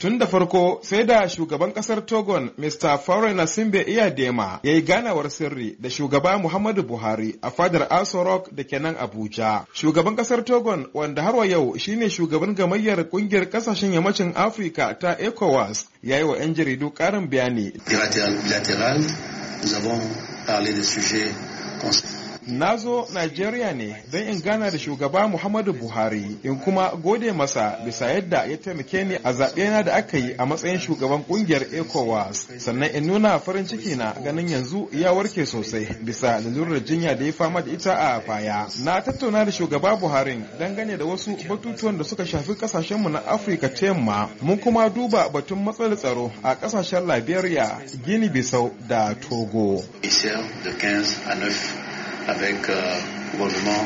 Tun da farko sai da shugaban kasar Togon Mr. Faure Nasimbe dema, ya yi ganawar sirri da shugaba Muhammadu Buhari a fadar Aso Rock da ke Abuja. Shugaban kasar Togon wanda har wa yau shine shugaban gamayyar kungiyar kasashen yammacin Afirka ta ECOWAS ya yi wa 'yan jaridu karin bayani. Bilateral, de Na zo Najeriya ne don in gana da shugaba Muhammadu Buhari in kuma gode masa bisa yadda ya taimake ni a zaɓe na da aka yi a matsayin shugaban ƙungiyar ECOWAS. Sannan in nuna farin ciki na ganin yanzu ya warke sosai bisa lalurar jinya da ya fama da ita a baya. Na tattauna da shugaba Buhari dangane da wasu batutuwan da suka shafi ƙasashenmu na Afirka ta yamma. Mun kuma duba batun matsalar tsaro a ƙasashen Liberia, Guinea-Bissau da Togo. avec euh, gouvernement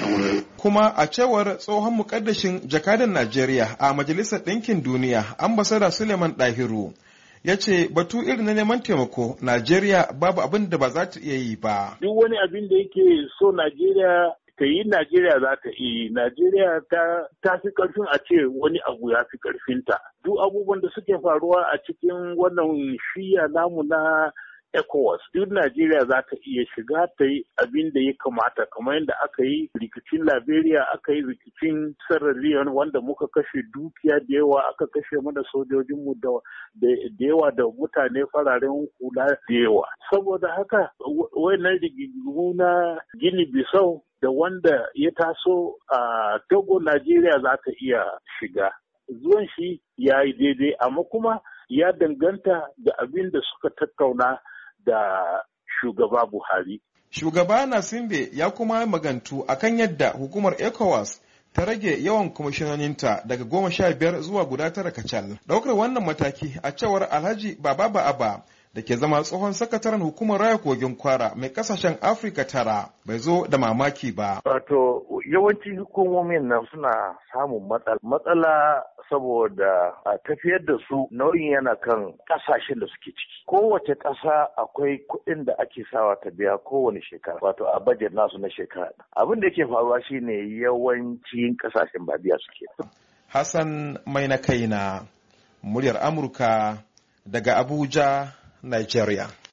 euh, Kuma a cewar tsohon mukaddashin jakadan Najeriya a Majalisar Ɗinkin Duniya, ambasada Suleiman Ɗahiru, ya ce batu irin na neman taimako Najeriya babu abin da ba za ta iya yi ba. Duk wani abin da yake so Najeriya ta yi Najeriya za ta yi Najeriya ta fi karfin a ce wani abu ya fi karfinta. Duk abubuwan da suke faruwa a cikin wannan shiya namu na ECOWAS duk Najeriya za ta iya shiga ta yi abin da ya kamata kamar yadda aka yi rikicin Liberia aka yi rikicin Sierra Leone wanda muka kashe dukiya da yawa aka kashe mana sojojinmu da yawa da mutane fararen hula da yawa. Saboda haka wannan rigingimu na Gini Bisau da wanda ya taso a Togo Najeriya za ta iya shiga. Zuwan shi ya yi daidai amma kuma ya danganta da abin da suka tattauna da shugaba Buhari. Shugaba Nasimbe ya kuma magantu akan yadda hukumar ECOWAS ta rage yawan kwamishinaninta daga goma sha biyar zuwa guda tara kacal. Daukar wannan mataki a cewar Alhaji Baba Ba'aba da ke zama tsohon sakataren hukumar raya kogin kwara mai kasashen afirka tara bai zo da mamaki ba wato yawancin hukumomin nan suna samun matsala matsala saboda a tafiyar da su nauyin yana kan kasashen da suke ciki kowace ƙasa akwai kuɗin da ake sawa ta biya kowane shekara wato a bajet nasu na shekara abin da yake faruwa shine yawancin kasashen ba biya suke hassan mai na kaina muryar amurka daga abuja Nigeria